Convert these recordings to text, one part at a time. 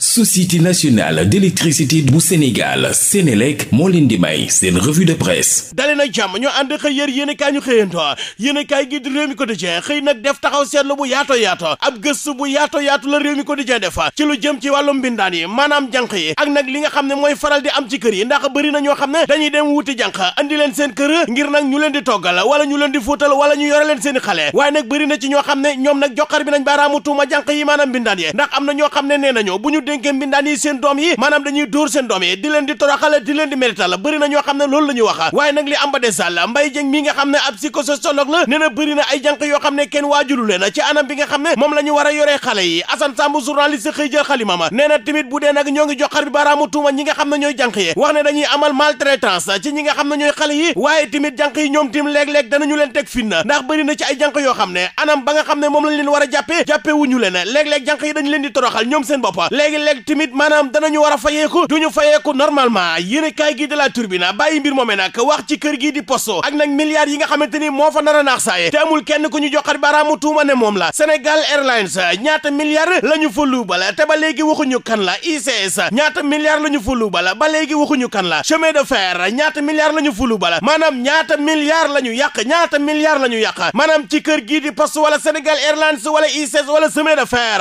société nationale d'électricité bu Sénégal Sénélec moo leen di may seen revue de presse dali nag jàmm ñoo ànd xëy yér yéen i kaay ñu xëyanto yéen i kaay gi di réew mi quotidien xëy nag def taxaw seetlu bu yaato yaato ab gëstu bu yaato yaatu la réew mi quotidien def ci lu jëm ci wàllu mbindaan yi maanaam jànq yi ak nag li nga xam ne mooy faral di am ci kër yi ndax bëri na ñoo xam ne dañuy dem wuti jànq andi leen seen kër ngir nag ñu leen di toggal wala ñu leen di fóotal wala ñu yore leen seen i xale waaye nnag bëri na ci xam ne ñoom nag joxar bi nañ baaraamu yi maanaam mbindaan yi ndax na ñoo xam ne dénkee mbindaan yi seen doom yi maanaam dañuy dóor seen doom yi di leen di toroxale di leen di mérital bëri na ñoo xam ne loolu la ñu wax waaye nag li am ba desall mbay jëng mi nga xam ne ab psychosociologue la nee ay jànq yoo xam ne kenn waajulu leen ci anam bi nga xam ne moom la ñu war xale yi Assane Samb journaliste xëy jël xalimama nee na tamit bu dee ñoo ngi joxar bi baaraamu tuuma ñi nga xam ne ñooy jànq yi wax ne dañuy amal maltraitance ci ñi nga léeg-léeg tamit maanaam danañu war a fayeeku duñu fayeeku normalement yéen kaay gi de la turbina bàyyi mbir moomee nag wax ci kër gii di posto ak nag milliards yi nga xamante ni moo fa nar a naax saaye te amul kenn ku ñu joxat baraamu tuuma ne moom la Sénégal Airlines ñaata milliards la ñu fa luubal te ba léegi waxuñu kan la ñaata milliards la ñu fa luubal ba léegi waxuñu kan la chemin de ñaata milliards la ñu fa luubal maanaam ñaata milliards la ñu yàq ñaata milliards la ñu yàq maanaam ci kër gii di posto wala Sénégal Airlines wala ICS wala chemin de fer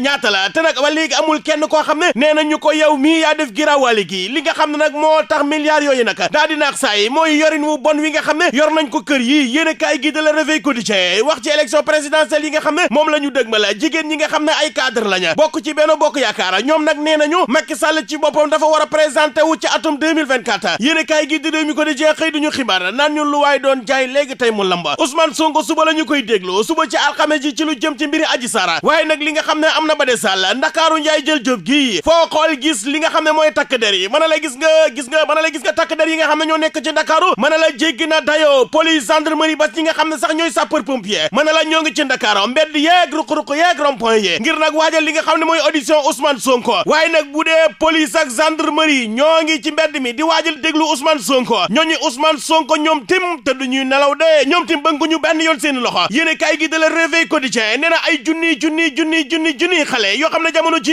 ñaata la te nag ba léegi amul kenn koo xam ne nee na ko yow mii yaa def giraawaale li nga xam ne nag moo tax milliards yooyu nag daa di naax saa yi mooy yorin wu bon wi nga xam ne yor nañ ko kër yi yéen kaay gi de la réveil quotidien wax ci élection présidentielle yi nga xam ne moom la ñu dëgmal jigéen ñi nga xam ne ay cadre lañu bokk ci benn bokk yaakaar ñoom nag nee nañu Macky Sall ci boppam dafa war a présenté wu ci atum 2024 yéen a kaay gi di réew mi ko di jeex duñu xibaar naan ñu lu waay doon jaay léegi tey mu lamba Ousmane Sonko suba la ñu koy déglu suba ci alxames ji ci lu jëm ci mbiri Adji Sarr waaye nag li nga xam ne am na ba de Sall Ndakaaru Njaay jël job gi foo xool gis li nga xam ne mooy takk der yi mën na la gis nga gis nga mën na la gis nga takk der yi nga xam ne ñoo nekk ci Ndakaaru mën na la na dayo police gendarmerie bas ñi nga xam ne sax ñooy sapeur pompier mën na ñoo ngi ci Ndakaaru mbedd yeeg ruq-ruq yeeg rond-point yi ngir nag waajal li nga xam ne mooy audition Ousmane Sonko waaye nag bu dee police ak gendarmerie ñoo ngi ci mbedd mi di waajal déglu Ousmane Sonko ñooñu Ousmane Sonko ñoom tim te duñuy nelaw de ñoom tim bënguñu benn yoon seen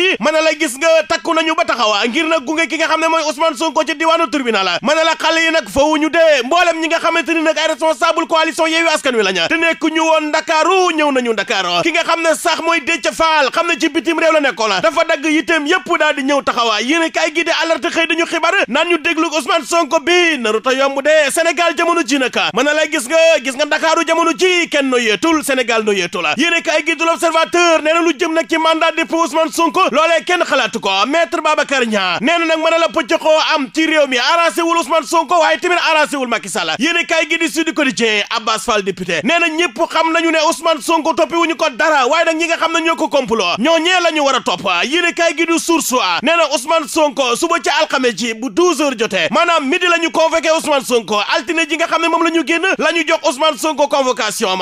yi mën na la gis nga takku nañu ba taxawa ngir na gunge ki nga xam ne mooy Ousmane Sonko ci diwaanu tribunal mën na la xale yi nag foofu ñu dee mboolem ñi nga xamante ni nag ay responsable coalition Yewwi Askan Wi lañu te nekku ñu woon Ndakaaru ñëw nañu Ndakaaru ki nga xam ne sax mooy Déthié Fall xam ne ci bitim réew la nekkoon dafa dagg yitteem yépp daal di ñëw taxawa yéen kay gi de alerte xëy dañu xibaar naan ñu déglu Ousmane Sonko bi naruta yomb de jamono ji nag mën na lay gis nga gis nga Ndakaaru jamono ji kenn no yeetul Sénégal no yeetul yéen kay gi de l'Observateur nee na lu jëm nag ci mandat de dépôt Ousmane loolee kenn xalaatu ko maître Babacar Niang nee na nag mën a la pëccëxoo am ci réew mi arrangé wul Ousmane Sonko waaye tamit arrangé wul Macky Sall yéen kaay gi di Sud Quotidien Abbas Fall député nee na ñëpp xam nañu ne Ousmane Sonko toppi wuñu ko dara waaye nag ñi nga xam ne ko complot ñoo ñee la ñu war a topp yéen kaay gi di Source A nee na Ousmane Sonko suba ci alxames ji bu 12 heures jotee maanaam midi la ñu convoqué Ousmane Sonko altine ji nga xam ne moom la ñu génn la ñu jox Ousmane Sonko convocation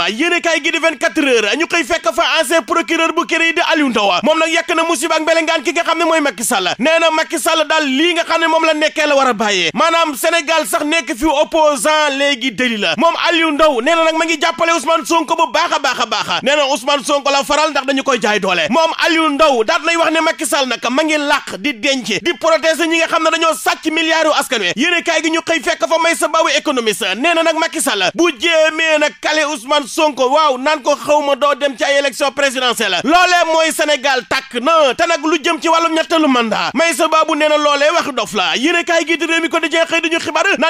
mbelengaan ki nga xam ne mooy Macky Sall nee na Macky Sall daal lii nga xam ne moom la nekkee la war a bàyyee maanaam Sénégal sax nekk fi opposant léegi déli la moom Aliou Ndao nee na nag ma ngi jàppale Ousmane Sonko bu baax a baax a baax nee na Ousmane Sonko la faral ndax dañu koy jaay doole moom Aliou Ndao daat nay wax ne Macky Sall nag ma ngi làq di denc di protéger ñi nga xam ne dañoo sàcc milliards yu askan wi yéene kaay gi ñu xëy fekk fa may sa baawu nee na nag Macky Sall bu jéemee nag kale Ousmane Sonko waaw naan ko xaw ma doo dem ci ay élection présidentielle loolee mooy Sénégal tàkk na nag lu jëm ci wàllum ñettalu mandat Maysa Babou nee na loolee waxi dof la yéen a kaay di réew ko di jeex xëy duñu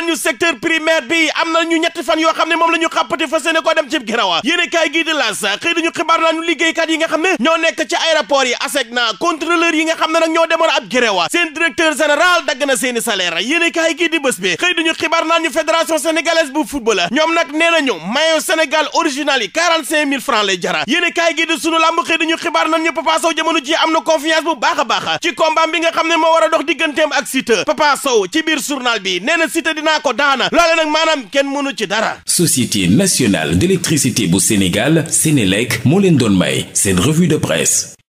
ñu secteur na ñu ñetti fan yi nga xam ne ñoo nekk ci aéroport yi ASECNA contrôleur yi nga xam ne nag ñoo demoon ab girawa seen directeur général dagg na seeni salaire yéen a kaay di bés bi xëy duñu xibaar naan ñu fédération sénégalaise bu football ñoom nag nee nañu maillot Sénégal original yi 45000 francs lay jara yéen a kaay di sunu lamb xëy témoignage bu baax a baax ci combat bi nga xam ne moo war a dox digganteem ak Siteu Papa Sow ci biir journal bi nee na Siteu dinaa ko daana loole nag maanaam kenn mënu ci dara Société nationale d'électricité bu Sénégal Sénélec moo leen doon may seen revue de presse